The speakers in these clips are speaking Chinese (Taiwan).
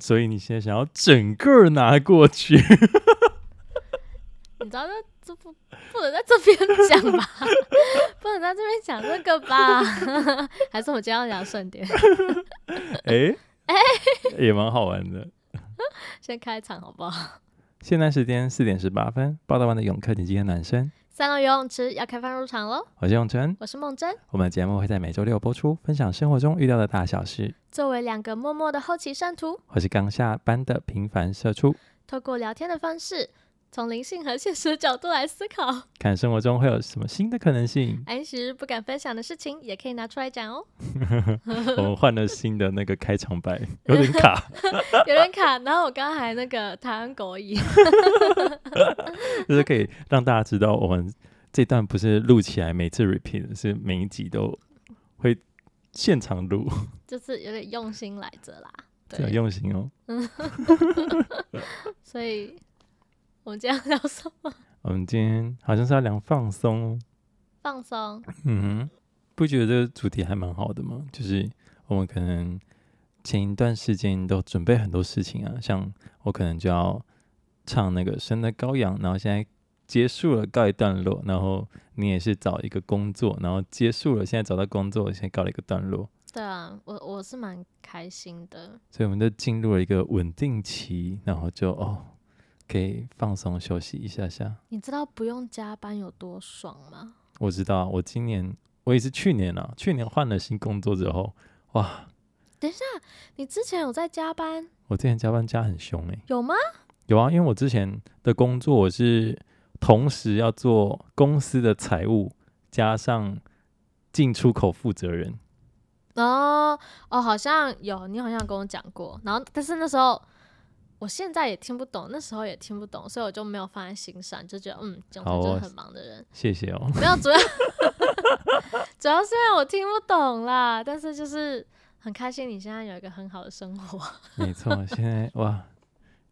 所以你現在想要整個拿過去？ 你知道，這不不能在這邊講吧？不能在這邊講這個吧？還是我們今天要講順點？哎 哎、欸欸欸欸，也蠻好玩的。 先開場好不好？現在時間四點十八分，報道完的泳客，請今天男生。三樓游泳池要開放入場嘍！我是永成，我是夢真，我們的節目會在每周六播出，分享生活中遇到的大小事。作為兩個默默的後期生徒，我是剛下班的平凡社畜，透過聊天的方式，從靈性和現實的角度來思考，看生活中會有什麼新的可能性。平時不敢分享的事情，也可以拿出來講哦。 我們換了新的那個開場白，有點卡， 有點卡。然後我剛才那個臺灣國語， 就是可以讓大家知道我們這段不是錄起來，每次 repeat 是每一集都會現場錄，這、就是有點用心來着啦。很用心哦。 所以。我們今天聊什麼？我們今天好像是要聊放鬆，哦，放鬆。嗯哼，不覺得這個主題還蠻好的嗎？就是我們可能前一段時間都準備很多事情啊，像我可能就要唱那個《生的羔羊》，然後現在結束了，告一段落。然後你也是找一個工作，然後結束了，現在找到工作，現在告了一個段落。對啊，我我是蠻開心的。所以我們就進入了一個穩定期，然後就哦。可以放鬆休息一下下。你知道不用加班有多爽嗎？我知道，我今年我也是去年啊，去年換了新工作之後，哇！等一下，你之前有在加班？我之前加班加很凶哎、欸。有嗎？有啊，因為我之前的工作我是同時要做公司的財務，加上進出口負責人。哦哦，好像有，你好像跟我講過，然後但是那時候。我現在也聽不懂，那時候也聽不懂，所以我就沒有放在心上，就覺得嗯，蔣總是很忙的人，哦。謝謝哦。沒有，主要 主要是因為我聽不懂啦，但是就是很開心，你現在有一個很好的生活。哦，沒錯，現在哇，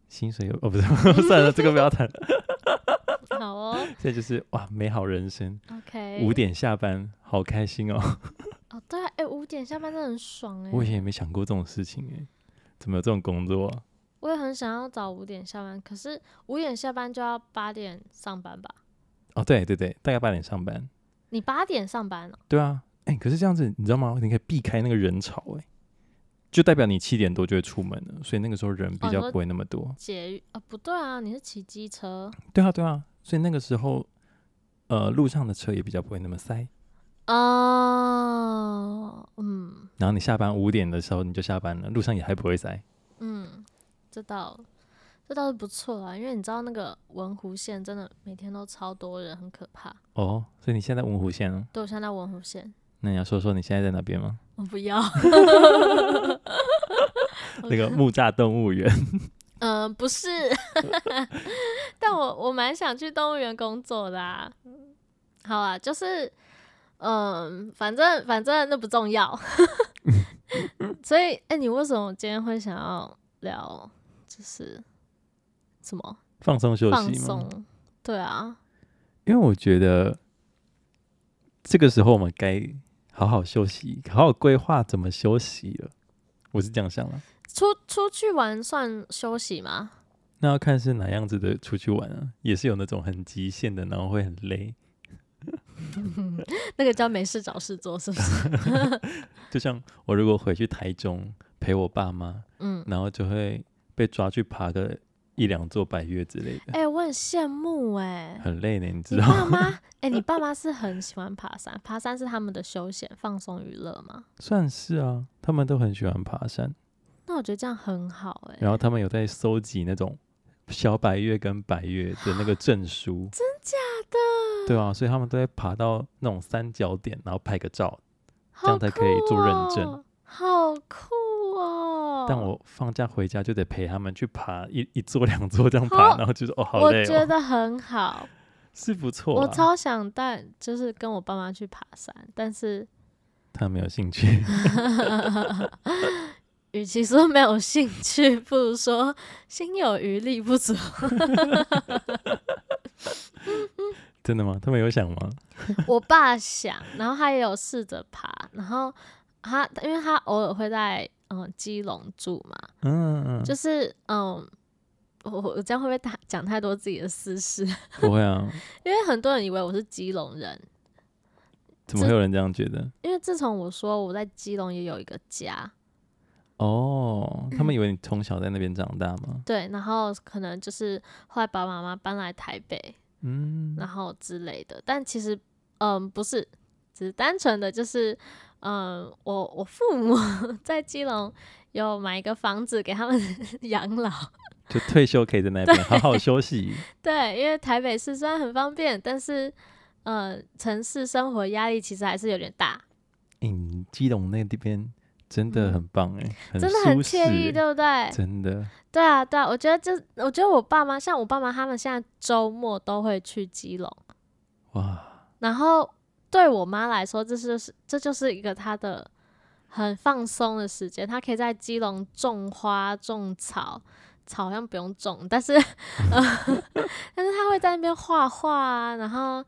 薪水有 哦，不是，算了， 這個不要談。 好哦。這就是哇，美好人生。OK。五點下班，好開心哦。 哦，對，啊，哎，五點下班真的很爽哎。我以前也沒想過這種事情哎，怎麼有這種工作啊？我也很想要早五點下班，可是五點下班就要八點上班吧？哦，對對對，大概八點上班。你八點上班哦？對啊，哎，可是這樣子，你知道嗎？你可以避開那個人潮，哎，就代表你七點多就會出門了，所以那個時候人比較不會那麼多。哦，你說捷運，呃，不對啊，你是騎機車？對啊，對啊，所以那個時候，呃，路上的車也比較不會那麼塞。啊，嗯。然後你下班五點的時候你就下班了，路上也還不會塞。嗯。這倒，這倒是不錯啊，因為你知道那個文湖線真的每天都超多人，很可怕。哦，所以你現在，在文湖線呢、啊？對，我現在，在文湖線。那你要說說你現在在哪邊嗎？我不要。 那個木柵動物園？嗯 、呃，不是。 但我我蠻想去動物園工作的啊。好啊，就是嗯、呃，反正反正那不重要。 所以，哎、欸，你為什麼今天會想要聊？就是,是什麼放鬆休息嗎？放鬆，對啊，因為我覺得這個時候我們該好好休息，好好規劃怎麼休息了。我是這樣想的。出出去玩算休息嗎？那要看是哪樣子的出去玩啊，也是有那種很極限的，然後會很累。 那個叫沒事找事做，是不是？ 就像我如果回去台中陪我爸媽，嗯，然後就會。被抓去爬個一兩座百岳之類的，哎、欸，我很羨慕哎、欸。很累呢，欸，你知道嗎？哎、欸，你爸媽是很喜歡爬山， 爬山是他們的休閒放鬆娛樂嗎？算是啊，他們都很喜歡爬山。那我覺得這樣很好哎、欸。然後他們有在蒐集那種小百岳跟百岳的那個證書，真假的？對啊，所以他們都會爬到那種三角點，然後拍個照，喔、這樣才可以做認證。好酷。但我放假回家就得陪他們去爬一一座兩座這樣爬，oh, 然後就說：“哦，好累、哦。”我覺得很好，是不錯、啊。我超想帶，就是跟我爸媽去爬山，但是他沒有興趣。與 其說沒有興趣，不如說心有餘力不足。 真的嗎？他們有想嗎？ 我爸想，然後他也有試着爬，然後他因為他偶爾會在。嗯，基隆住嘛，嗯，就是嗯，我我這樣會不會太講太多自己的私事？不會啊， 因為很多人以為我是基隆人，怎麼會有人這樣覺得？因為自從我說我在基隆也有一個家，哦，他們以為你從小在那邊長大嗎？嗯，對，然後可能就是後來爸爸媽媽搬來台北，嗯，然後之類的，但其實嗯，不是，只是單純的就是。嗯，我我父母在基隆有買一個房子給他們養 老，就退休可以在那邊 好好休息。對，因為台北市雖然很方便，但是，呃、嗯，城市生活壓力其實還是有點大。嗯、欸，基隆那個地方真的很棒哎、欸嗯，真的很愜意，對不對？真的。對啊，對啊，我覺得這，我覺得我爸媽像我爸媽他們現在周末都會去基隆，哇，然後。對我媽來說，這、就是是這就是一個她的很放鬆的時間，她可以在基隆種花種草，草好像不用種，但是，呃、 但是她會在那邊畫畫啊，然後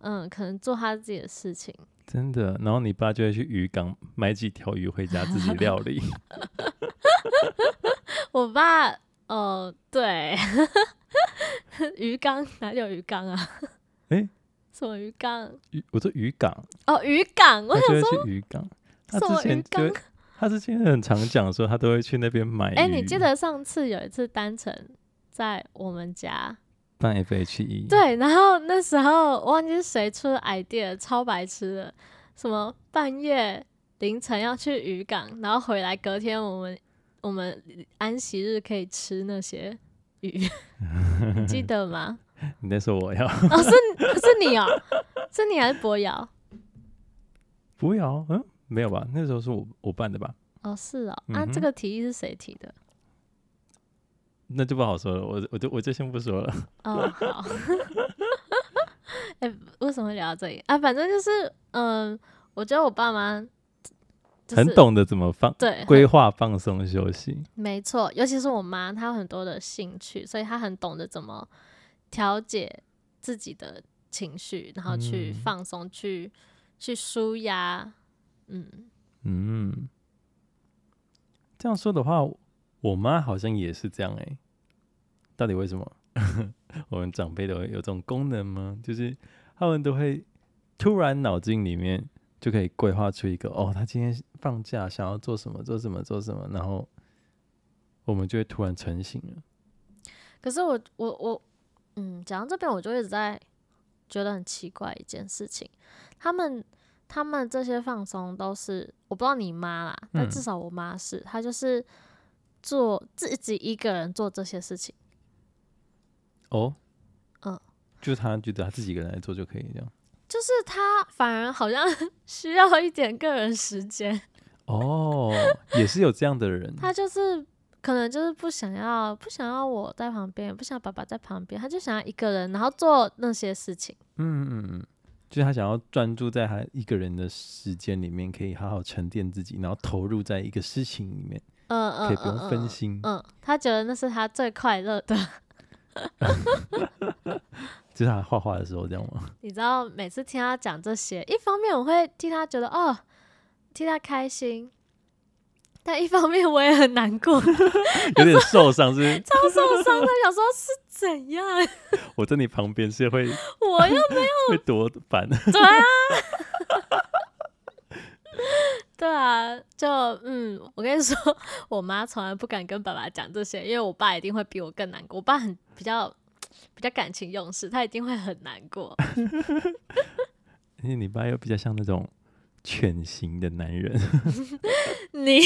嗯、呃，可能做她自己的事情。真的，然後你爸就會去魚缸買幾條魚回家自己料理。 我爸，哦、呃，對， 魚缸，哪裡有魚缸啊？哎、欸。什麼漁港？我說漁港。哦，漁港，我想說魚缸去漁港。他之前，他之前很常講說，他都會去那邊買。哎、欸，你記得上次有一次單程在我們家辦 FHE？對，然後那時候我忘記誰出的 idea，超白痴的，什麼半夜凌晨要去漁港，然後回來隔天我們我們安息日可以吃那些魚， 你記得嗎？ 你在說我要？哦，是是你哦、喔， 是你還是博瑤？博瑤，嗯，沒有吧？那時候是我我辦的吧？哦，是哦、喔嗯。啊，這個提議是誰提的？那就不好說了，我我就我就先不說了。哦，好。哎、 欸，為什麼會聊到這裡啊？反正就是，嗯、呃，我覺得我爸媽、就是、很懂得怎麼放對規劃放鬆休息。沒錯，尤其是我媽，她有很多的興趣，所以她很懂得怎麼。調節自己的情緒，然後去放鬆、嗯，去去舒壓。嗯嗯，這樣說的話，我媽好像也是這樣哎、欸。到底為什麼？ 我們長輩都有這種功能嗎？就是他們都會突然腦筋裡面就可以規劃出一個哦，他今天放假想要做什麼、做什麼、做什麼，然後我們就會突然成型了。可是我我我。我嗯，講到這邊我就一直在覺得很奇怪一件事情，他們他們這些放鬆都是，我不知道你媽啦，嗯，但至少我媽是，她就是做自己一個人做這些事情。哦，嗯，就她覺得她自己一個人來做就可以這樣。就是她反而好像需要一點個人時間。哦，也是有這樣的人。她就是。可能就是不想要，不想要我在旁邊，也不想要爸爸在旁邊，他就想要一個人，然後做那些事情。嗯嗯嗯，就是他想要專注在他一個人的時間裡面，可以好好沉澱自己，然後投入在一個事情裡面，嗯，可以不用分心。嗯嗯嗯，嗯，他覺得那是他最快樂的， 就是他畫畫的時候這樣嗎？你知道，每次聽他講這些，一方面我會替他覺得哦，替他開心。但一方面我也很難過， 有點受傷，是超受傷他想說是怎樣 ？我在你旁邊是會，我又沒有。 會多煩。對啊 對啊, 對啊就，就嗯，我跟你說，我媽從來不敢跟爸爸講這些，因為我爸一定會比我更難過。我爸很比較比較感情用事，他一定會很難過 。因為 你爸又比較像那種。犬型的男人 你， 你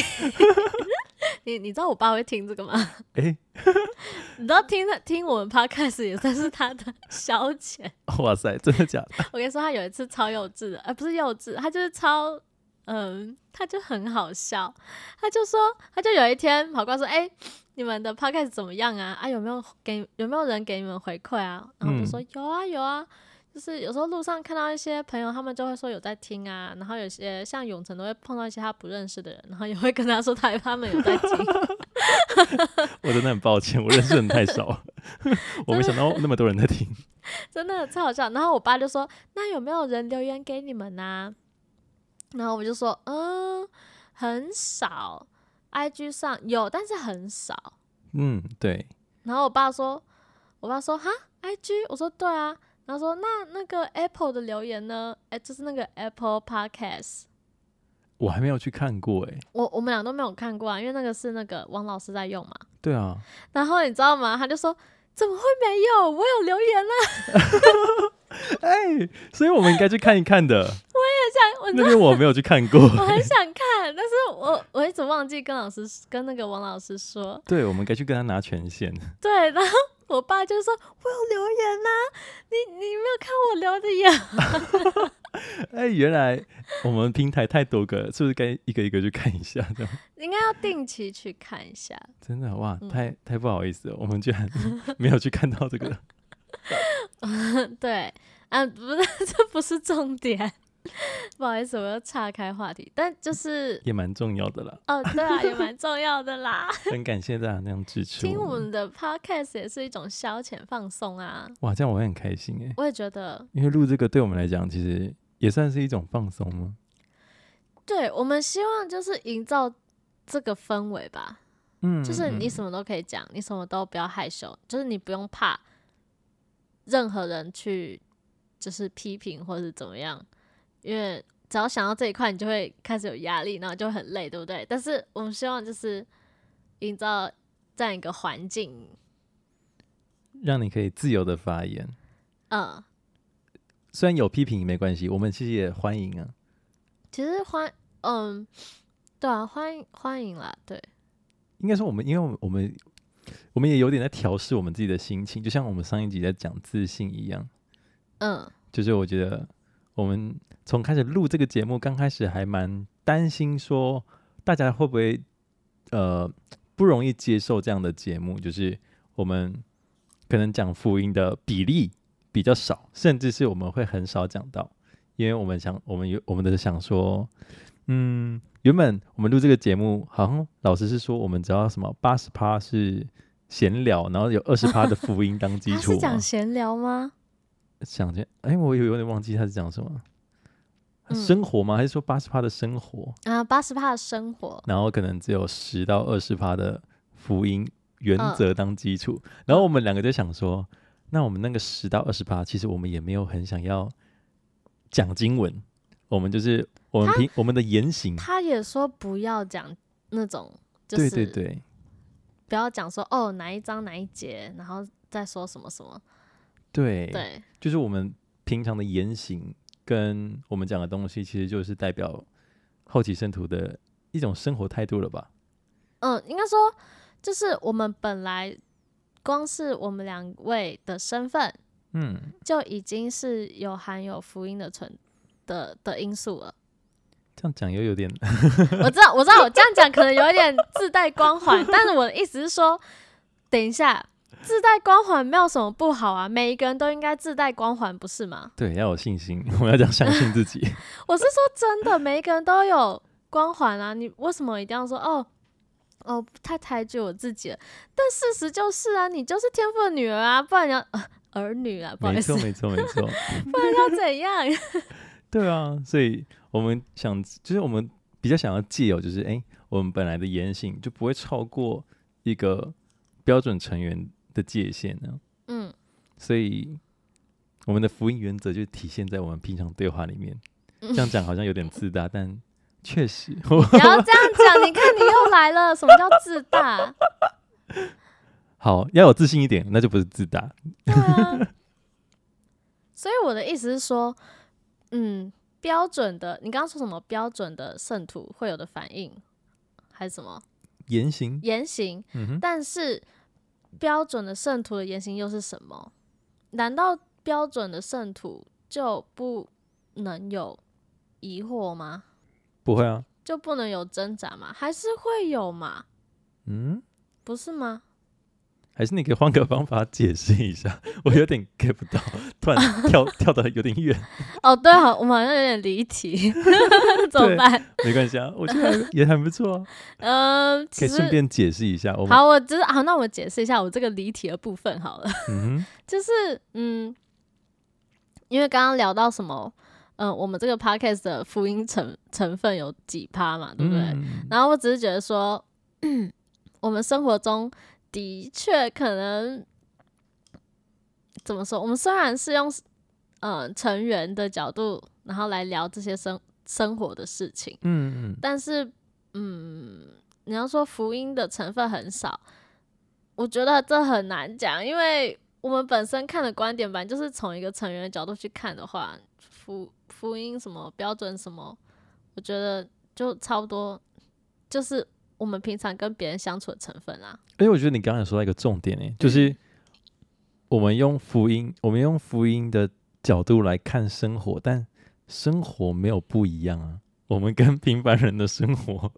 你你知道我爸會聽這個嗎？誒、欸， 你知道聽他聽我們 podcast 也算是他的消遣。哇塞，真的假的？我跟你說，他有一次超幼稚的、呃，不是幼稚，他就是超，嗯、呃，他就很好笑。他就說，他就有一天跑過來說：“誒、欸，你們的 podcast 怎麼樣啊？啊，有沒有給有沒有人給你們回饋啊？”然後他說、嗯：“有啊，有啊。”就是有時候路上看到一些朋友，他們就會說有在聽啊。然後有些像永城都會碰到一些他不認識的人，然後也會跟他說他他們有在聽。 我真的很抱歉，我認識的人太少了， 我沒想到那麼多人在聽，真的，真的超好笑。然後我爸就說：“那有沒有人留言給你們啊？”然後我就說：“嗯，很少。IG 上有，但是很少。”嗯，對。然後我爸說：“我爸說哈，IG？” 我說：“對啊。”他說：“那那個 Apple 的留言呢？哎，就是那個 Apple Podcast，我還沒有去看過哎。我我們倆都沒有看過啊，因為那個是那個王老師在用嘛。對啊。然後你知道嗎？他就說。”怎麼會沒有？我有留言啦、啊！哎、 欸，所以我們應該去看一看的。 我也想，那邊我沒有去看過， 我很想看，但是我我一直忘記跟老師、跟那個王老師說。對，我們該去跟他拿權限。 對，然後我爸就說：“我有留言啦、啊，你你沒有看我留的言。 ” 哎、欸，原來我們平台太多個了，是不是該一個一個去看一下？這樣應該要定期去看一下。真的哇，太太不好意思了、嗯，我們居然沒有去看到這個。 啊、對，啊，不是，這不是重點。不好意思，我要岔開話題。但就是也蠻重要的啦。哦，對啊，也蠻重要的啦。 很感謝大家那樣支持，聽我們的 podcast 也是一種消遣放鬆啊。哇，這樣我會很開心誒、欸。我也覺得，因為錄這個對我們來講，其實。也算是一種放鬆嗎？對，我們希望就是營造這個氛圍吧，嗯，就是你什麼都可以講、嗯，你什麼都不要害羞，就是你不用怕任何人去，就是批評或者怎麼樣，因為只要想到這一塊，你就會開始有壓力，然後就會很累，對不對？但是我們希望就是營造這樣一個環境，讓你可以自由的發言，嗯。雖然有批評也沒關係，我們其實也歡迎啊。其實歡，嗯，對啊，歡迎歡迎啦，對。應該說我們，因為我們我們也有點在調適我們自己的心情，就像我們上一集在講自信一樣。嗯，就是我覺得我們從開始錄這個節目，剛開始還蠻擔心說大家會不會呃不容易接受這樣的節目，就是我們可能講福音的比例。比較少，甚至是我們會很少講到，因為我們想，我們有我們的想說，嗯，原本我們錄這個節目，好像老師是說，我們只要什麼八十趴是閒聊，然後有二十趴的福音當基礎， 是講閒聊嗎？講閒，哎，我有有點忘記他是講什麼、嗯、生活嗎？還是說八十趴的生活啊？八十趴的生活，然後可能只有十到二十趴的福音原則當基礎、嗯，然後我們兩個就想說。那我們那個十到二十八，其實我們也沒有很想要講經文，我們就是我們平我們的言行，他也說不要講那種，對對對，不要講說哦哪一章哪一節，然後再說什麼什麼，對對，就是我們平常的言行跟我們講的東西，其實就是代表後期聖徒的一種生活態度了吧？嗯，應該說就是我們本來。光是我們兩位的身份，嗯，就已經是有含有福音的存的的因素了。這樣講又有點，我知道，我知道，我這樣講可能有點自帶光環， 但是我的意思是說，等一下自帶光環沒有什麼不好啊，每一個人都應該自帶光環，不是嗎？對，要有信心，我要這樣相信自己。 我是說真的，每一個人都有光環啊，你為什麼一定要說哦？哦，太抬舉我自己了。但事實就是啊，你就是天父的女兒啊，不然你要、呃、兒女啊，不好意思，沒錯沒錯沒錯， 不然要怎樣？ 對啊，所以我們想，就是我們比較想要借有，就是哎、欸，我們本來的言行就不會超過一個標準成員的界限呢、啊。嗯，所以我們的福音原則就體現在我們平常對話裡面。這樣講好像有點自大， 但。確實， 你要這樣講， 你看你又來了。 什麼叫自大？好，要有自信一點，那就不是自大。 對啊。所以我的意思是說，嗯，標準的，你剛剛說什麼標準的聖徒會有的反應，還是什麼？言行，言行。嗯哼。但是標準的聖徒的言行又是什麼？難道標準的聖徒就不能有疑惑嗎？不會啊，就不能有掙扎嘛？還是會有嘛？嗯，不是嗎？還是你可以換個方法解釋一下，我有點 get 不到， 突然跳 跳得有點遠。哦，對好、啊，我們好像有點離題， 怎麼辦？沒關係啊，我覺得 也很不錯啊。嗯、呃，可以順便解釋一下我。好，我就是、啊、好，那我解釋一下我這個離題的部分好了。嗯哼，就是嗯，因為剛剛聊到什麼？嗯，我們這個 podcast 的福音成成分有幾趴嘛，對不對、嗯？然後我只是覺得說，我們生活中的確可能怎麼說？我們雖然是用嗯、呃、成員的角度，然後來聊這些生生活的事情，嗯嗯，但是嗯，你要說福音的成分很少，我覺得這很難講，因為我們本身看的觀點吧，就是從一個成員的角度去看的話，福。福音什麼標準什麼？我覺得就差不多，就是我們平常跟別人相處的成分啊。因、欸、我覺得你剛才說到一個重點誒、欸，就是我們用福音，我們用福音的角度來看生活，但生活沒有不一樣啊。我們跟平凡人的生活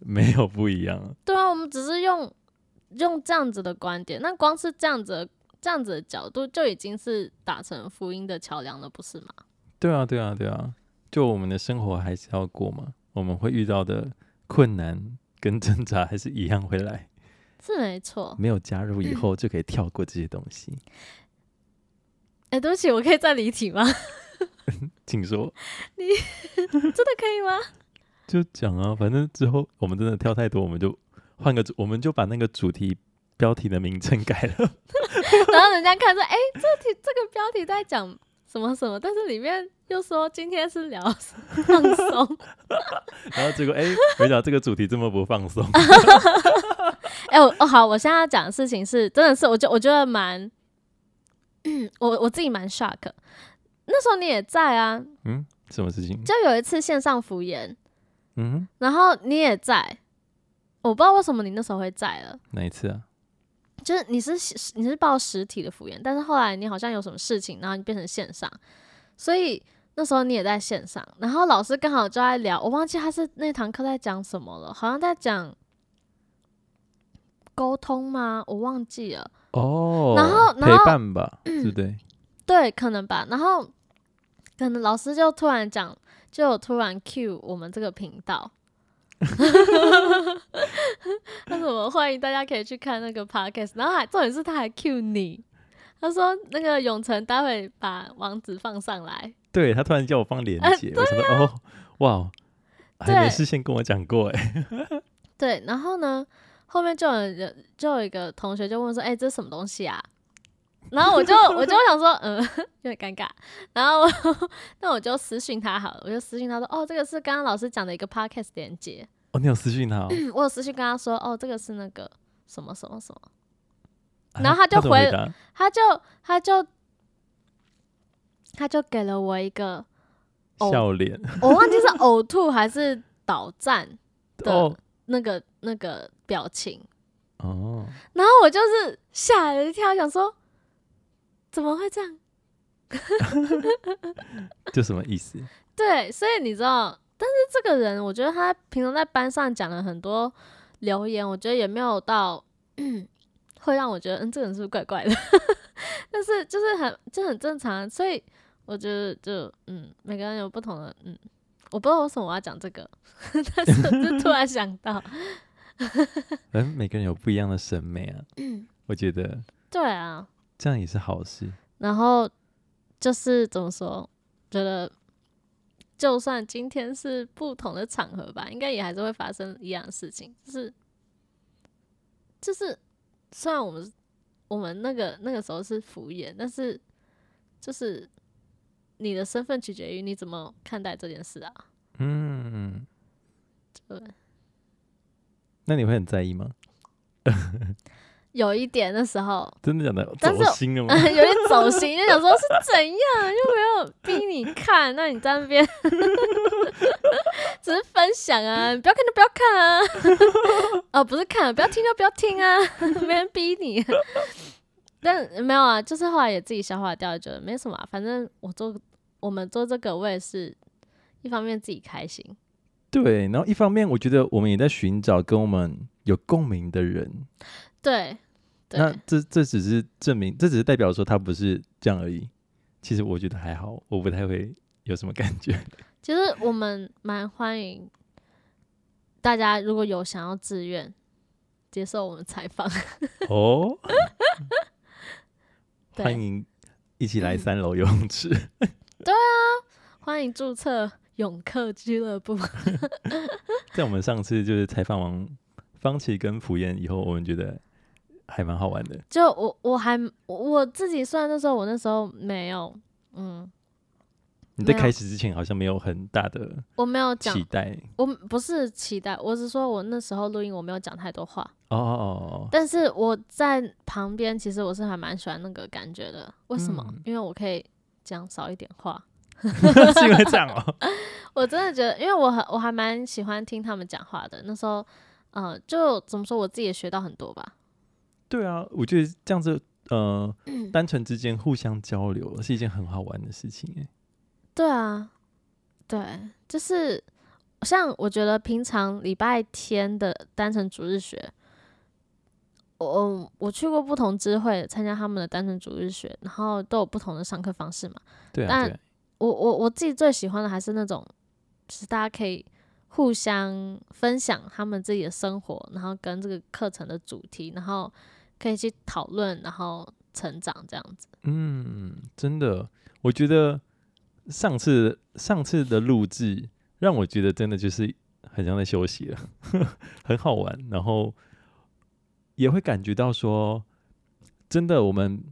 沒有不一樣、啊。對啊，我們只是用用這樣子的觀點，那光是這樣子這樣子的角度就已經是打成福音的橋樑了，不是嗎？對啊，對啊，對啊！就我們的生活還是要過嘛，我們會遇到的困難跟掙扎還是一樣會來，是沒錯。沒有加入以後就可以跳過這些東西。哎、嗯，對不起，我可以再離題嗎？ 請說。你真的可以嗎？ 就講啊，反正之後我們真的跳太多，我們就換個，我們就把那個主題標題的名稱改了。 然後人家看說，哎、欸，這題這個標題在講。什麼什麼？但是裡面又說今天是聊放鬆， 然後結果哎、欸，沒想到這個主題這麼不放鬆。哎、 欸，我哦好，我現在要講的事情是真的是我，我覺我覺得蠻、嗯，我我自己蠻 shock。那時候你也在啊，嗯，什麼事情？就有一次線上敷衍，嗯，然後你也在，我不知道為什麼你那時候會在了。哪一次啊？就是你是你是報實體的服務員，但是後來你好像有什麼事情，然後你變成線上，所以那時候你也在線上，然後老師剛好就在聊，我忘記他是那堂課在講什麼了，好像在講溝通嗎？我忘記了哦。然後，然後陪伴吧，對、嗯、對？對，可能吧。然後可能老師就突然講，就突然 cue 我們這個頻道。 他說我歡迎大家可以去看那個 podcast，然後還重點是他還 cue 你，他說那個永城待會把網址放上來。對，他突然叫我放鏈接，我想說哦，哇，還沒事先跟我講過哎。對，然後呢，後面就有人，就有一個同學就問說，哎、欸，這是什麼東西啊？ 然後我就我就想說，嗯，有點尷尬。然後我 那我就私信他，好了，我就私信他說，哦，這個是剛剛老師講的一個 podcast 鏈接。哦，你有私信他，哦？ 我有私信跟他說，哦，這個是那個什麼什麼什麼。然後他就回，啊、他，回他就他就他就給了我一個笑臉，哦。 我忘記是嘔吐還是倒讚的，那個、哦、那個表情。哦。然後我就是嚇了一跳，我想說。怎麼會這樣？ 就什麼意思？對，所以你知道，但是這個人，我覺得他平常在班上講了很多留言，我覺得也沒有到、嗯、會讓我覺得，嗯，這個人是不是怪怪的？但是就是很，這很正常。所以我覺得就，就嗯，每個人有不同的嗯，我不知道為什麼我要講這個，但是就突然想到，嗯， 每個人有不一樣的審美啊、嗯，我覺得，對啊。這樣也是好事。然後就是怎麼說？覺得就算今天是不同的場合吧，應該也還是會發生一樣事情。就是就是，雖然我們我們那個那個時候是敷衍，但是就是你的身份取決於你怎麼看待這件事啊。嗯嗯。對。那你會很在意嗎？ 有一點，那時候真的講得走心了嗎？嗯、有一點走心， 就想說是怎樣，又沒有逼你看。那你在那邊 只是分享啊，不要看就不要看啊。 哦，不是看、啊，不要聽就不要聽啊， 沒人逼你。 但沒有啊，就是後來也自己消化掉，覺得沒什麼，啊。反正我做，我們做這個，我也是一方面自己開心。對，然後一方面我覺得我們也在尋找跟我們有共鳴的人。對，對，那這這只是證明，這只是代表說他不是這樣而已。其實我覺得還好，我不太會有什麼感覺。其實我們蠻歡迎大家，如果有想要自願接受我們採訪，哦， 歡迎一起來三樓游泳池。 對啊，歡迎註冊泳客俱樂部。 在我們上次就是採訪完方琦跟傅宴以後，我們覺得。還蠻好玩的。就我，我還我自己算的那時候，我那時候沒有，嗯。你在開始之前好像沒有很大的，我沒有講期待。我不是期待，我是說我那時候錄音我沒有講太多話哦，哦，哦，哦，哦。但是我在旁邊，其實我是還蠻喜歡那個感覺的。為什麼？嗯、因為我可以講少一點話，是因為這樣哦。 我真的覺得，因為我很我還蠻喜歡聽他們講話的。那時候，嗯、呃，就怎麼說，我自己也學到很多吧。對啊，我覺得這樣子、呃、嗯，單純之間互相交流是一件很好玩的事情哎、欸。對啊，對，就是像我覺得平常禮拜天的單純主日學，我我去過不同支會參加他們的單純主日學，然後都有不同的上課方式嘛。對啊。但對啊，我我我自己最喜歡的還是那種，就是大家可以互相分享他們自己的生活，然後跟這個課程的主題，然後。可以去討論，然後成長這樣子。嗯，真的，我覺得上次上次的錄製讓我覺得真的就是很像在休息了，呵呵，很好玩。然後也會感覺到說，真的，我們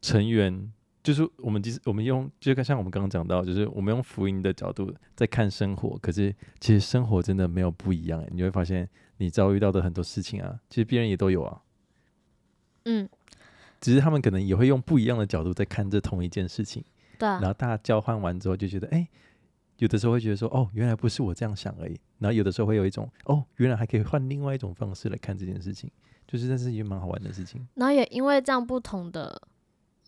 成員就是我們其實我們用，就像我們剛剛講到，就是我們用福音的角度在看生活。可是其實生活真的沒有不一樣耶，你會發現你遭遇到的很多事情啊，其實別人也都有啊。嗯，只是他們可能也會用不一樣的角度在看這同一件事情，對啊。然後大家交換完之後就覺得，哎、欸，有的時候會覺得說，哦，原來不是我這樣想而已。然後有的時候會有一種，哦，原來還可以換另外一種方式來看這件事情，就是這是一個蠻好玩的事情。然後也因為這樣不同的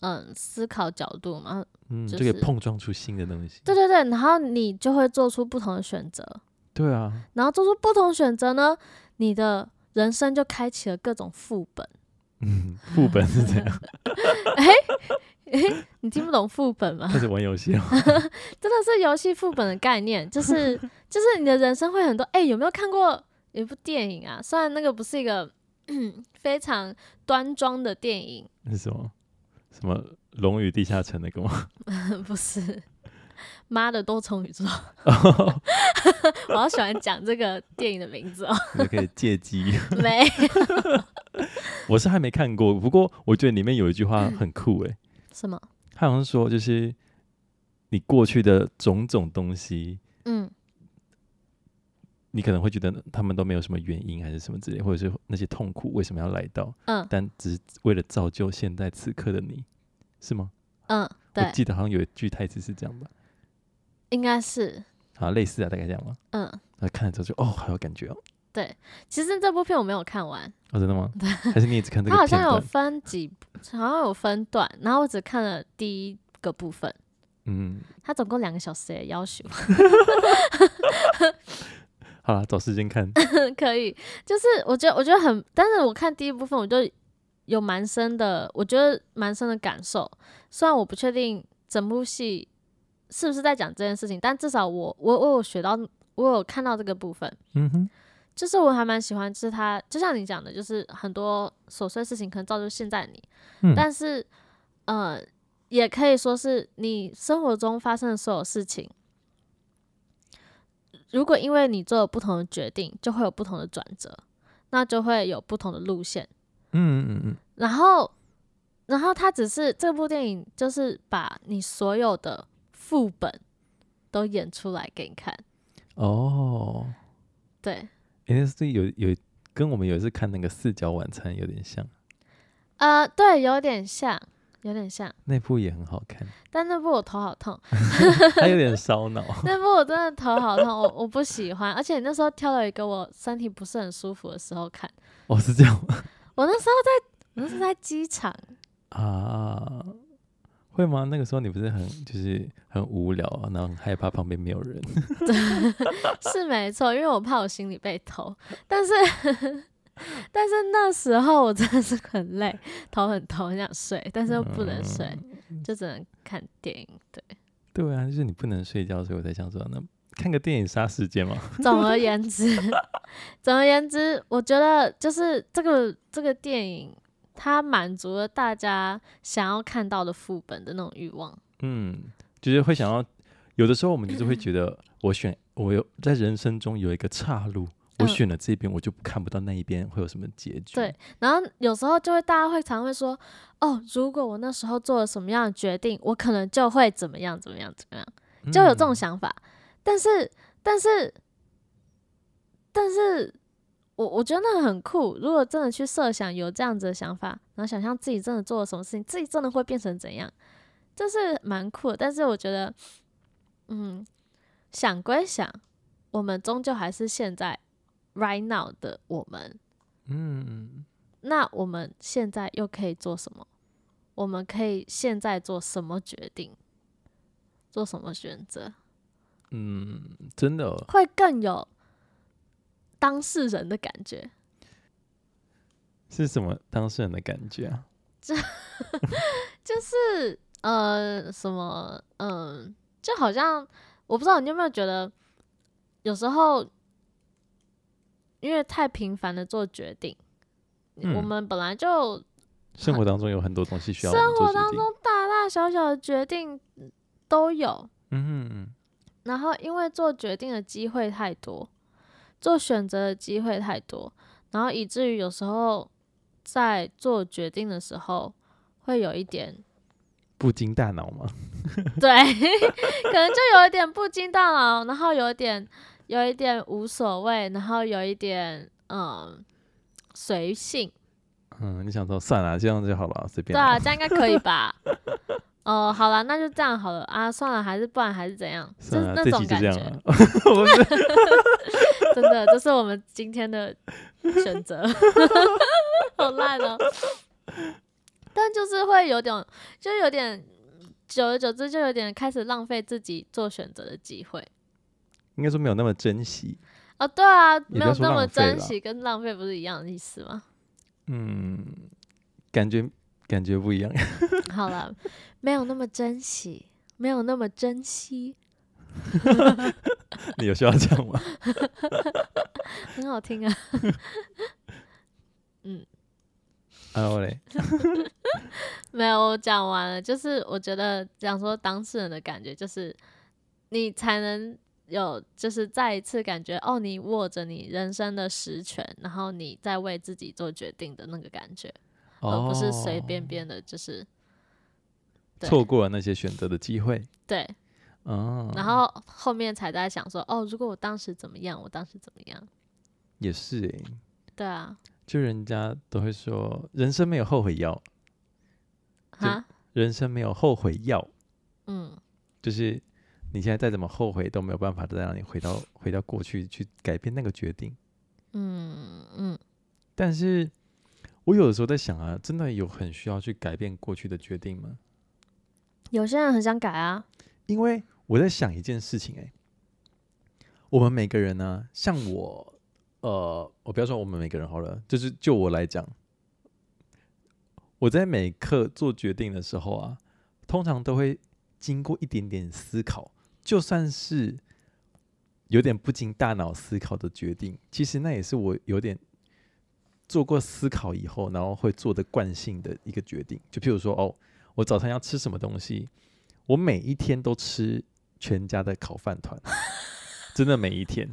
嗯思考角度嘛、就是，嗯，就可以碰撞出新的東西。對對對，然後你就會做出不同的選擇。對啊。然後做出不同的選擇呢，你的人生就開啟了各種副本。嗯，副本是這樣。哎 哎、欸欸，你聽不懂副本嗎？就是玩遊戲哦， 真的是遊戲副本的概念，就是就是你的人生會很多。哎、欸，有沒有看過一部電影啊？雖然那個不是一個、嗯、非常端莊的電影。是什麼？什麼《龍與地下城》那個嗎？ 不是，媽的多重宇宙。 我好喜歡講這個電影的名字哦、喔。你可以借機。 沒。 我是還沒看過，不過我覺得裡面有一句話很酷誒、欸，什、嗯、麼？是嗎？他好像說，就是你過去的種種東西，嗯，你可能會覺得他們都沒有什麼原因，還是什麼之類，或者是那些痛苦為什麼要來到？嗯，但只是為了造就現在此刻的你，是嗎？嗯，對，我記得好像有一句台詞是這樣吧，應該是好像類似啊，大概這樣嗎？嗯，那看了之後就哦，好有感覺哦。對，其實這部片我沒有看完。哦，真的嗎？對，還是你一直看這個片段？他好像有分幾，好像有分段，然後我只看了第一個部分。嗯，他總共兩個小時的要求。 好了，找時間看。 可以，就是我覺得我覺得很，但是我看第一部分，我就有蠻深的，我覺得蠻深的感受。雖然我不確定整部戲是不是在講這件事情，但至少我我我有學到，我有看到這個部分。嗯哼。就是我還蠻喜歡，吃、就是他就像你講的，就是很多瑣碎的事情可能造就現在你、嗯，但是，呃，也可以說是你生活中發生的所有事情，如果因為你做了不同的決定，就會有不同的轉折，那就會有不同的路線。嗯嗯嗯。然後，然後他只是這部電影就是把你所有的副本都演出來給你看。哦，對。誒、欸，那是有有跟我們有一次看那個四角晚餐有點像，啊、呃。對，有點像，有點像。那部也很好看，但那部我頭好痛， 它有點燒腦。那部我真的頭好痛，我我不喜歡， 而且那時候挑了一個我身體不是很舒服的時候看。哦，是這樣，我那時候在，我是在機場啊。會嗎？那個時候你不是很就是很無聊啊，然後很害怕旁邊沒有人。對 是沒錯，因為我怕我心裡被偷。但是，呵呵，但是那時候我真的是很累，頭很痛，很想睡，但是又不能睡，嗯，就只能看電影。對對啊，就是你不能睡覺，所以我才想說，那看個電影殺時間嘛。總而言之， 總而言之，我覺得就是這個這個電影。它滿足了大家想要看到的副本的那種慾望。嗯，就是會想要，有的時候我們就是會覺得我，我選我有在人生中有一個岔路，嗯、我選了這邊，我就看不到那一邊會有什麼結局。對，然後有時候就會大家會常，常會說，哦，如果我那時候做了什麼樣的決定，我可能就會怎麼樣怎麼樣怎麼樣，就有這種想法。嗯、但是，但是，但是。我我覺得那很酷，如果真的去設想有這樣子的想法，然後想象自己真的做了什麼事情，自己真的會變成怎樣，這、就是蠻酷的。但是我覺得，嗯，想歸想，我們終究還是現在 right now 的我們。嗯嗯，嗯。那我們現在又可以做什麼？我們可以現在做什麼決定？做什麼選擇？嗯，真的、哦。會更有。當事人的感覺是什麼？當事人的感覺啊，這 就是呃，什麼嗯、呃，就好像我不知道你有沒有覺得，有時候因為太頻繁的做決定，嗯、我們本來就生活當中有很多東西需要、啊、生活當中大大小小的決定都有，嗯、嗯，然後因為做決定的機會太多。做選擇的機會太多，然後以至於有時候在做決定的時候會有一點不經大腦嗎？對， 可能就有一點不經大腦，然後有一點有一點無所謂，然後有一點嗯隨性。嗯，你想說算了，這樣子就好吧，隨便。對啊，這樣應該可以吧？哦、 呃，好了，那就這樣好了啊，算了，還是不然還是怎樣？是、啊、那種感覺。 這是我們今天的選擇， 好爛哦，喔！但就是會有點，就有點，久而久之就有點開始浪費自己做選擇的機會。應該說沒有那麼珍惜哦，對啊，沒有那麼珍惜，跟浪費不是一樣的意思嗎？嗯，感覺感覺不一樣。 好了，沒有那麼珍惜，沒有那麼珍惜。 你有需要講嗎？ 很好聽啊。 嗯。啊，我嘞。沒有，我講完了。就是我覺得講說當事人的感覺，就是你才能有，就是再一次感覺哦，你握着你人生的實權，然後你在為自己做決定的那個感覺，oh，而不是隨便便的，就是錯過了那些選擇的機會。 對。哦、然後後面才在想說，哦，如果我當時怎麼樣，我當時怎麼樣，也是、欸、對啊，就人家都會說，人生沒有後悔藥，啊，人生沒有後悔藥，嗯，就是你現在再怎麼後悔都沒有辦法再讓你回到 回到過去去改變那個決定，嗯嗯，但是我有的時候在想啊，真的有很需要去改變過去的決定嗎？有些人很想改啊，因為。我在想一件事情誒、欸。我們每個人呢、啊，像我，呃，我不要說我們每個人好了，就是就我來講，我在每刻做決定的時候啊，通常都會經過一點點思考，就算是有點不經大腦思考的決定，其實那也是我有點做過思考以後，然後會做的慣性的一個決定。就譬如說哦，我早餐要吃什麼東西，我每一天都吃，全家的烤飯糰，真的每一天。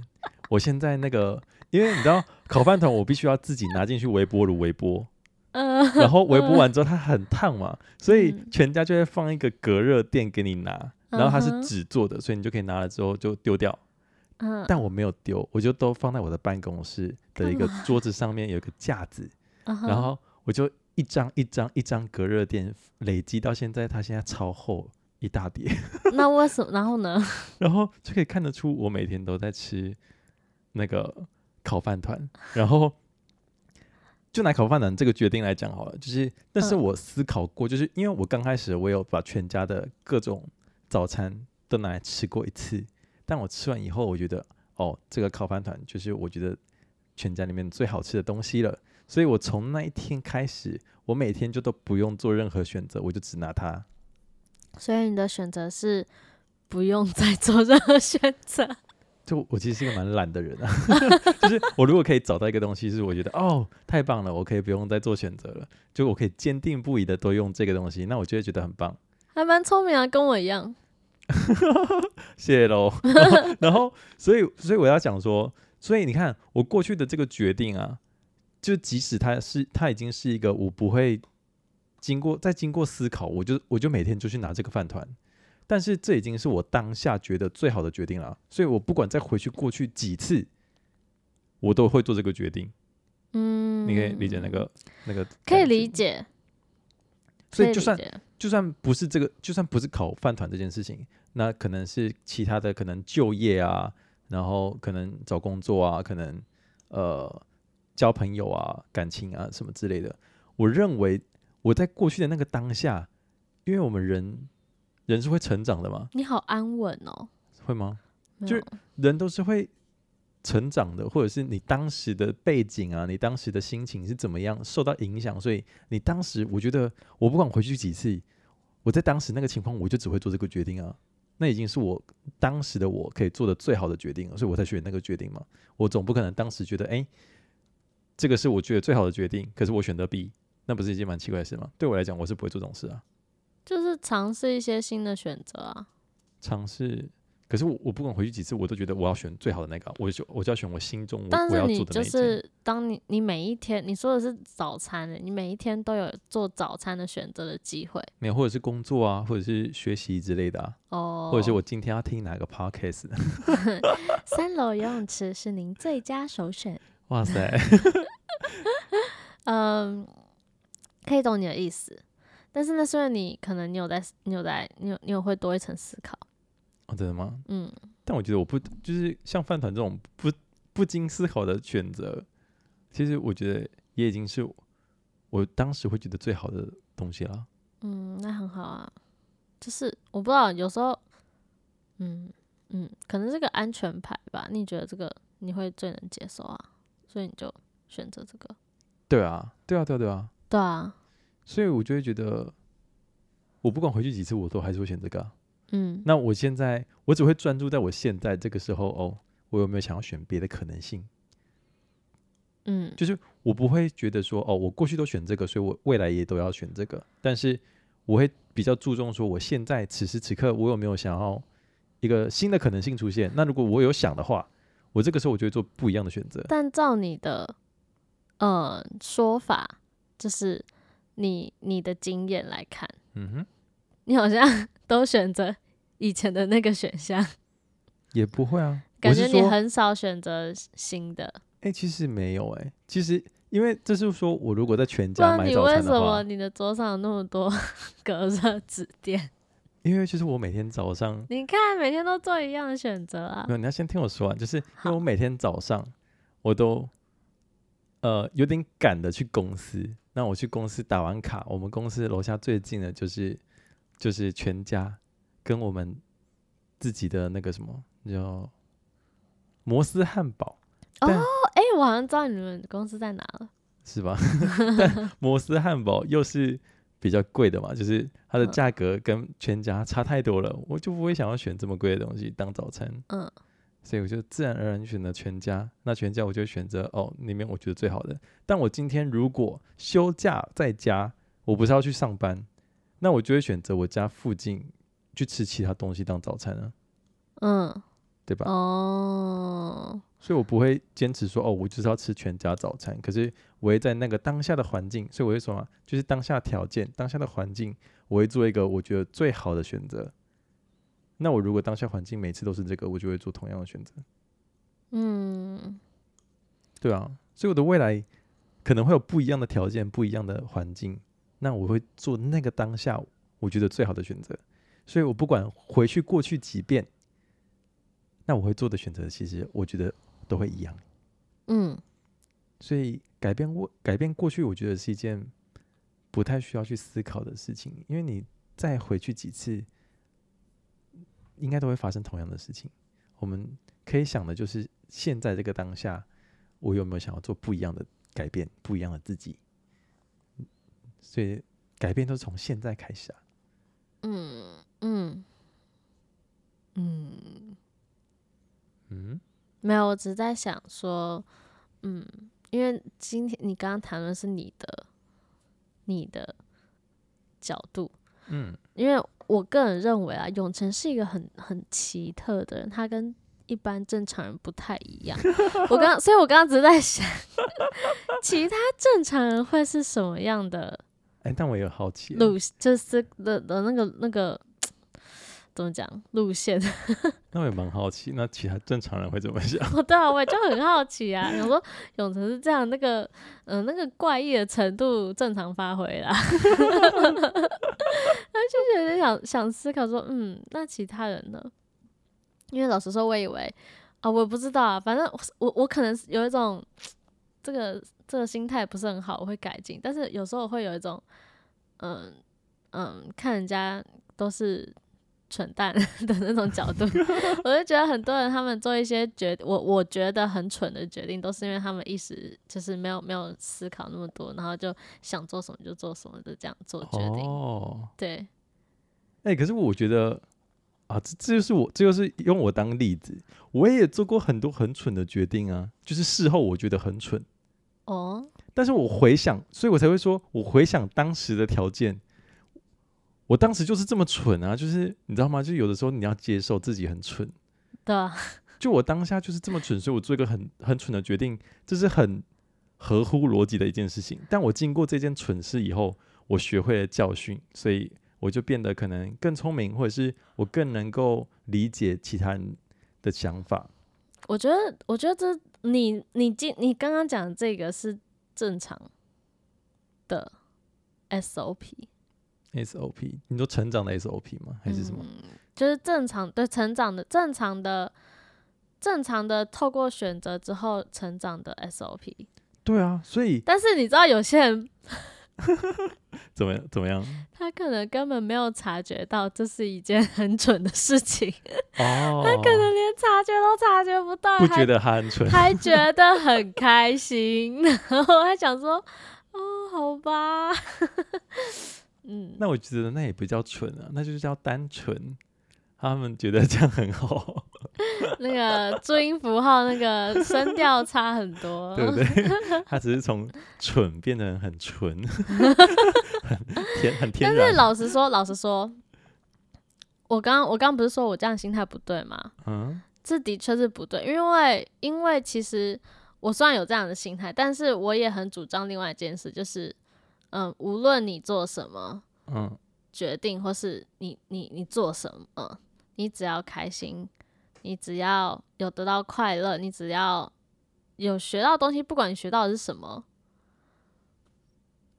我現在那個，因為你知道烤飯糰，我必須要自己拿進去微波爐微波，呃，然後微波完之後它很燙嘛，所以全家就會放一個隔熱墊給你拿，嗯，然後它是紙做的，所以你就可以拿了之後就丟掉，嗯。但我沒有丟，我就都放在我的辦公室的一個桌子上面有一個架子，嗯，然後我就一張一張一張隔熱墊累積到現在，它現在超厚。一大碟，那為什麼？然後呢？ 然後就可以看得出，我每天都在吃那個烤飯糰。然後就拿烤飯糰這個決定來講好了，就是，但是我思考過，嗯、就是因為我剛開始我有把全家的各種早餐都拿來吃過一次，但我吃完以後，我覺得哦，這個烤飯糰就是我覺得全家裡面最好吃的東西了。所以我從那一天開始，我每天就都不用做任何選擇，我就只拿它。所以你的選擇是不用再做任何選擇。就我其實是一個蠻懶的人啊， 就是我如果可以找到一個東西，是我覺得哦，太棒了，我可以不用再做選擇了，就我可以堅定不移的都用這個東西，那我就會覺得很棒。還蠻聰明啊，跟我一樣。 謝謝嘍囉、 哦。然後，所以，所以我要講說，所以你看我過去的這個決定啊，就即使他是它已經是一個我不會。經過再經過思考，我就我就每天就去拿這個飯糰，但是這已經是我當下覺得最好的決定了，所以我不管再回去過去幾次，我都會做這個決定。嗯，你可以理解那個那個，可以理解。所以就算就算不是這個，就算不是考飯糰這件事情，那可能是其他的，可能就業啊，然後可能找工作啊，可能呃交朋友啊、感情啊什麼之類的，我認為。我在過去的那個當下，因為我們人，人是會成長的嘛。你好安穩哦。會嗎？就是人都是會成長的，或者是你當時的背景啊，你當時的心情是怎麼樣受到影響？所以你當時，我覺得我不管回去幾次，我在當時那個情況，我就只會做這個決定啊。那已經是我當時的我可以做的最好的決定，所以我才選那個決定嘛。我總不可能當時覺得，哎、欸，這個是我覺得最好的決定，可是我選擇 B。那不是一件蠻奇怪的事嗎？對我來講，我是不會做這種事啊。就是嘗試一些新的選擇啊。嘗試，可是我我不管回去幾次，我都覺得我要選最好的那個。我就我就要選我心中我，我要做的那，但是你就是當你你每一天你說的是早餐、欸，你每一天都有做早餐的選擇的機會。沒有，或者是工作啊，或者是學習之類的啊。哦、oh.。或者是我今天要聽哪個 Podcast？ 三樓游泳池是您最佳首選。哇塞！ 嗯。可以懂你的意思，但是呢，雖然你可能你有在你有在你有你有，你有會多一層思考，哦，真的嗎？嗯，但我覺得我不就是像飯糰這種不不經思考的選擇，其實我覺得也已經是我，我當時會覺得最好的東西了。嗯，那很好啊，就是我不知道有時候，嗯嗯，可能是個安全牌吧？你覺得這個你會最能接受啊？所以你就選擇這個？對啊，對啊，對啊，對啊。對啊，所以我就會覺得，我不管回去幾次，我都還是會選這個，啊。嗯，那我現在我只會專注在我現在這個時候哦，我有沒有想要選別的可能性？嗯，就是我不會覺得說哦，我過去都選這個，所以我未來也都要選這個。但是我會比較注重說，我現在此時此刻我有沒有想要一個新的可能性出現？那如果我有想的話，我這個時候我就會做不一樣的選擇。但照你的嗯、呃、說法。就是你你的經驗來看，嗯哼，你好像都選擇以前的那個選項，也不會啊，感覺你很少選擇新的。哎、欸，其實沒有哎、欸，其實因為這是說我如果在全家買早餐的話，不，你為什麼你的桌上有那麼多隔熱紙墊？因為其實我每天早上，你看每天都做一樣的選擇啊。沒有，你要先聽我說完、啊，就是因為我每天早上我都呃有點趕的去公司。那我去公司打完卡，我們公司樓下最近的就是就是全家，跟我們自己的那個什麼叫摩斯漢堡哦，哎、欸，我好像知道你們公司在哪了，是吧？ 但摩斯漢堡又是比較貴的嘛，就是它的價格跟全家差太多了，嗯，我就不會想要選這麼貴的東西當早餐。嗯。所以我就自然而然選擇全家。那全家我就會選擇哦，裡面我覺得最好的。但我今天如果休假在家，我不是要去上班，那我就會選擇我家附近去吃其他東西當早餐啊。嗯，對吧？哦。所以，我不會堅持說哦，我就是要吃全家早餐。可是，我會在那個當下的環境，所以我會說嘛，就是當下條件、當下的環境，我會做一個我覺得最好的選擇。那我如果當下環境每次都是這個，我就會做同樣的選擇。嗯，對啊，所以我的未來可能會有不一樣的條件、不一樣的環境，那我會做那個當下我覺得最好的選擇。所以我不管回去過去幾遍，那我會做的選擇，其實我覺得都會一樣。嗯，所以改變我、改變過去，我覺得是一件不太需要去思考的事情，因為你再回去幾次。應該都會發生同樣的事情。我們可以想的就是，現在這個當下，我有沒有想要做不一樣的改變，不一樣的自己？所以，改變都是從現在開始啊。嗯嗯嗯嗯，沒有，我只是在想說，嗯，因為今天你剛剛談論是你的，你的角度。嗯。因為我個人認為啊，永城是一個很很奇特的人，他跟一般正常人不太一樣。我剛，所以我剛剛只是在想， 其他正常人會是什麼樣？的？哎、欸，但我有好奇，就是的的那個那個。怎麼講路線？ 那我也蠻好奇，那其他正常人會怎麼想？ oh, 對啊，我也就很好奇啊。我 說泳池是這樣，那個嗯、呃，那個怪異的程度正常發揮啦。 他就覺得有點想想思考說，嗯，那其他人呢？ 因為老實說，我以為啊、呃，我也不知道啊，反正我我可能是有一種這個這個心態不是很好，我會改進，但是有時候我會有一種嗯嗯、呃呃，看人家都是。蠢蛋的那種角度， 我就覺得很多人他們做一些決我我覺得很蠢的決定，都是因為他們一時就是沒有沒有思考那麼多，然後就想做什麼就做什麼的這樣做決定。哦、對。哎、欸，可是我覺得啊，這這就是我這就是用我當例子，我也做過很多很蠢的決定啊，就是事後我覺得很蠢。哦。但是我回想，所以我才會說，我回想當時的條件。我當時就是這麼蠢啊，就是你知道嗎？就有的時候你要接受自己很蠢，對、啊。就我當下就是這麼蠢，所以我做一個很很蠢的決定，這、就是很合乎邏輯的一件事情。但我經過這件蠢事以後，我學會了教訓，所以我就變得可能更聰明，或者是我更能夠理解其他人的想法。我覺得，我覺得這你你今你剛剛講的這個是正常的 SOP。SOP，你說成長的 SOP 嗎？還是什麼？嗯、就是正常的成長的正常的正常的透過選擇之後成長的 SOP。對啊，所以但是你知道有些人 怎麼怎麼樣？他可能根本沒有察覺到這是一件很蠢的事情。哦、他可能連察覺都察覺不到，不覺得很蠢，還, 還覺得很開心，然後他想說：“哦，好吧。 ”嗯，那我覺得那也不叫蠢啊，那就是叫單純。他們覺得這樣很好。那個注音符號那個聲調差很多， 對不對，對？他只是從蠢變得很純， 很天，很天然。但是老實說，老實說，我剛我剛不是說我這樣心態不對嗎？嗯，這的確是不對，因為因為其實我雖然有這樣的心態，但是我也很主張另外一件事，就是。嗯，無論你做什麼，嗯，決定或是你你你做什麼，嗯，你只要開心，你只要有得到快樂，你只要有學到東西，不管你學到的是什麼，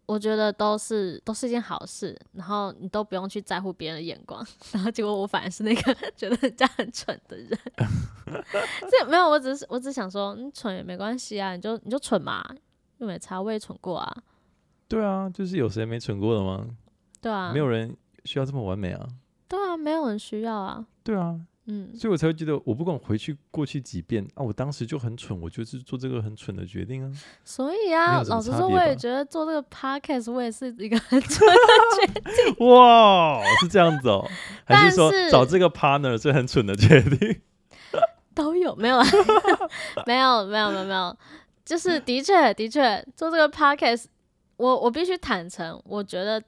我覺得都是都是一件好事。然後你都不用去在乎別人的眼光。然後結果我反而是那個覺得人家很蠢的人。所以 沒有，我只是我只是想說，你蠢也沒關係啊，你就你就蠢嘛，又沒差，我也蠢過啊。對啊，就是有誰沒蠢過的嗎？對啊，沒有人需要這麼完美啊。對啊，沒有人需要啊。對啊，嗯，所以我才會覺得，我不管回去過去幾遍啊，我當時就很蠢，我就是做這個很蠢的決定啊。所以啊，老實說，我也覺得做這個 podcast 我也是一個很蠢的決定。 哇，是這樣子哦，喔，還是說找這個 partner 是很蠢的決定？ 都有沒有啊， 沒有？沒有沒有沒有沒有，就是的確的確做這個 podcast。我我必須坦誠，我覺得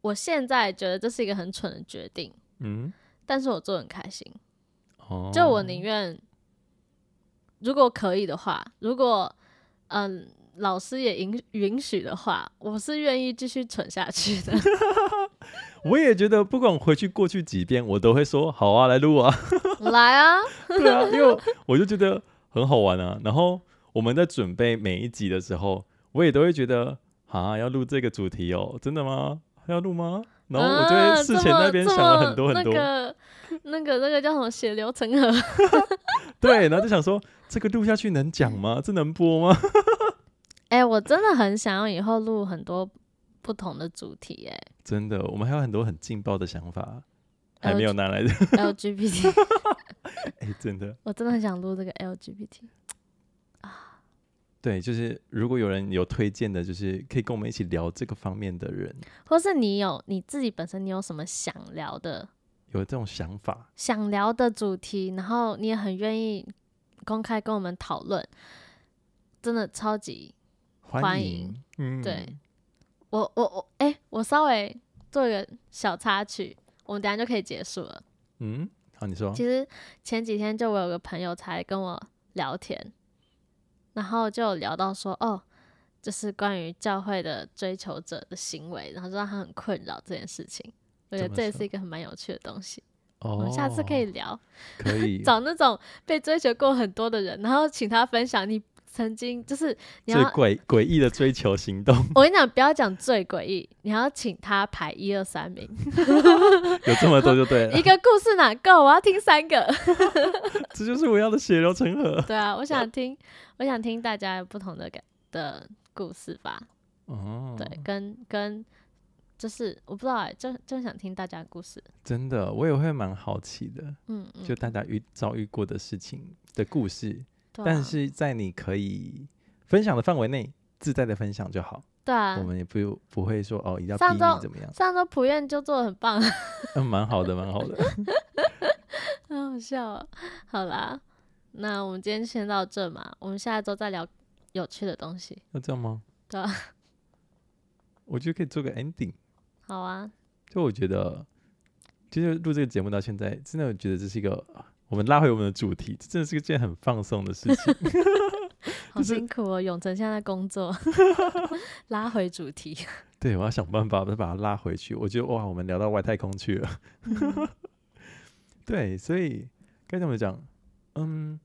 我現在覺得這是一個很蠢的決定，嗯，但是我做得很開心，哦，就我寧願如果可以的話，如果嗯老師也允允許的話，我是願意繼續蠢下去的。 我也覺得不管回去過去幾遍，我都會說好啊，來錄啊， 來啊， 對啊，因為我就覺得很好玩啊。然後我們在準備每一集的時候，我也都會覺得。啊，要錄這個主題哦，真的嗎？要錄嗎？然後我就事前那邊想了很多很多、啊，那個那個那個叫什麼血流成河，對，然後就想說這個錄下去能講嗎？這能播嗎？哎、 欸，我真的很想要以後錄很多不同的主題、欸，哎，真的，我們還有很多很勁爆的想法，還沒有拿來的 LGBT，哎 欸，真的，我真的很想錄這個 LGBT。對，就是如果有人有推薦的，就是可以跟我們一起聊這個方面的人，或是你有你自己本身，你有什麼想聊的？有這種想法，想聊的主題，然後你也很願意公開跟我們討論，真的超級歡迎。歡迎，對，我、嗯、我我，哎、欸，我稍微做一個小插曲，我們等一下就可以結束了。嗯，好、啊，你說。其實前幾天就我有個朋友才跟我聊天。然後就聊到說，哦，這是關於教會的追求者的行為，然後就讓他很困擾這件事情。我覺得這也是一個很蠻有趣的東西，哦、我們下次可以聊，可以 找那種被追求過很多的人，然後請他分享你。曾經就是你要最詭詭異的追求行動。 我跟你講，不要講最詭異，你要請他排一二三名。 有這麼多就對了。 一個故事哪夠？我要聽三個。 這就是我要的血流成河。對啊，我想聽，我想聽大家有不同的感的故事吧。哦。對，跟跟，就是我不知道、欸，就就想聽大家的故事。真的，我也會蠻好奇的。嗯。就大家遇遭遇，遇過的事情的故事。但是在你可以分享的範圍內，自在的分享就好。對、啊，我們也不不會說哦，一定要逼你怎麼樣？上周普院就做的很棒，啊，嗯，蠻好的，蠻好的，很 好笑啊，哦！好啦，那我們今天先到這嘛，我們下一周再聊有趣的東西。要這樣嗎？對、啊，我覺得可以做個 ending。好啊。就我覺得，其實錄這個節目到現在，真的我覺得這是一個。我們拉回我們的主題，這真的是一件很放鬆的事情。 好辛苦哦，永成現在工作。拉回主題。對，我要想辦法再把它拉回去。我覺得哇，我們聊到外太空去了。 對，所以該怎麼講？嗯，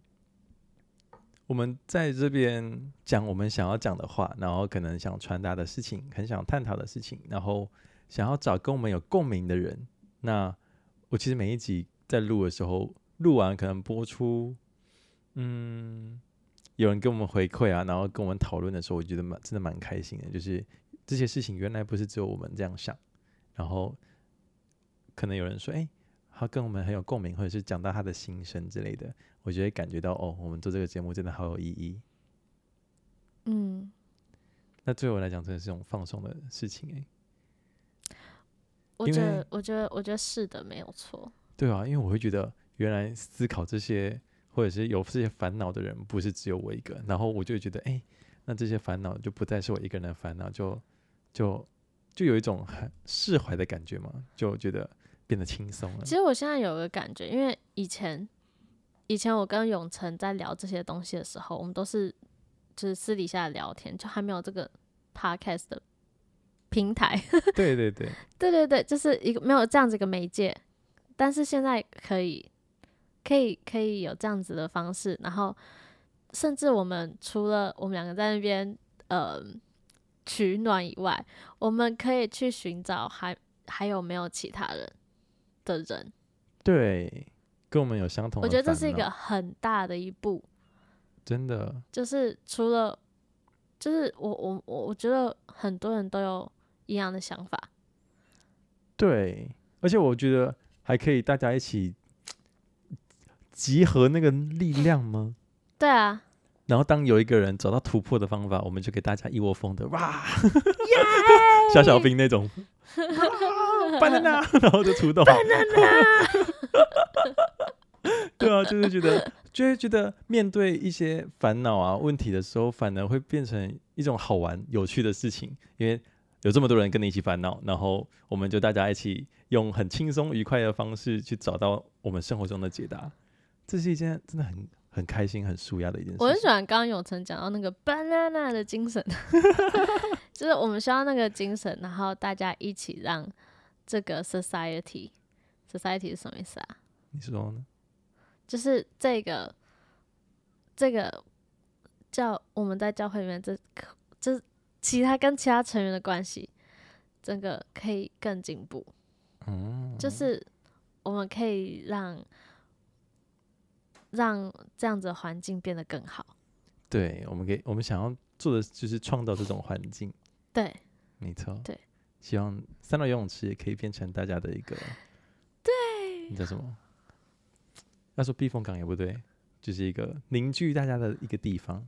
我們在這邊講我們想要講的話，然後可能想傳達的事情，很想探討的事情，然後想要找跟我們有共鳴的人。那我其實每一集在錄的時候。錄完可能播出，嗯，有人跟我們回饋啊，然後跟我們討論的時候，我覺得蠻真的蠻開心的。就是這些事情原來不是只有我們這樣想，然後可能有人說：“哎、欸，他跟我們很有共鳴，或者是講到他的心聲之類的。”我覺得感覺到哦，我們做這個節目真的好有意義。嗯，那對我來講，真的是一種放鬆的事情哎、欸。我覺得，我覺得，我覺得是的，沒有錯。對啊，因為我會覺得。原來思考這些，或者是有這些煩惱的人，不是只有我一個。然後我就覺得，哎、欸，那這些煩惱就不再是我一個人的煩惱，就就就有一種很釋懷的感覺嘛，就覺得變得輕鬆了。其實我現在有個感覺，因為以前以前我跟永成在聊這些東西的時候，我們都是就是私底下聊天，就還沒有這個 podcast 的平台。 對對對，對對對，就是一個沒有這樣子一個媒介，但是現在可以。可以可以有這樣子的方式，然後甚至我們除了我們兩個在那邊呃取暖以外，我們可以去尋找還還有沒有其他人的人，對，跟我們有相同。我覺得這是一個很大的一步，真的，就是除了就是我我我我覺得很多人都有一樣的想法，對，而且我覺得還可以大家一起。集合那個力量嗎？對啊，然後當有一個人找到突破的方法，我們就給大家一窩蜂的哇， 小小兵那種，哇，Banana，然後就出動，Banana 對啊，就是覺得，就是覺得面對一些煩惱啊問題的時候，反而會變成一種好玩有趣的事情，因為有這麼多人跟你一起煩惱，然後我們就大家一起用很輕鬆愉快的方式去找到我們生活中的解答。這是一件真的很很開心、很舒壓的一件事。我很喜歡剛剛永成講到那個 banana 的精神 就是我們需要那個精神，然後大家一起讓這個 society，society society 是什麼意思啊？你說呢？就是這個，這個叫我們在教會裡面、這個，這、就、這、是、其他跟其他成員的關係，這個可以更進步。嗯，嗯，就是我們可以讓。讓這樣子的環境變得更好。對，我們給我們想要做的就是創造這種環境， 對，沒錯，對，希望三樓游泳池也可以變成大家的一個， 對，你叫什麼？要說避風港也不對，就是一個凝聚大家的一個地方。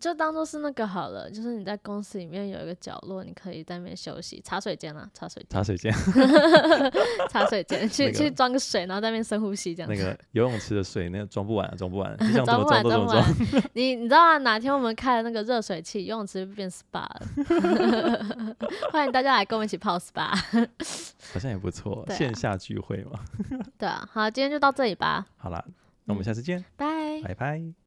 就當做是那個好了，就是你在公司裡面有一個角落，你可以在那邊休息，茶水間啊，茶水茶水間，茶水間， 去、那個、去裝個水，然後在那邊深呼吸這樣子。那個游泳池的水，那個裝不、啊、不完，裝 不完，像不完，裝不完。你你知道嗎、啊？哪天我們開了那個熱水器，游泳池就變 SPA 了，歡迎大家來跟我們一起泡 SPA，好像也不錯，線、啊、下聚會嘛，對、啊。對啊，好，今天就到這裡吧。好了，那我們下次見，拜、嗯、拜。Bye Bye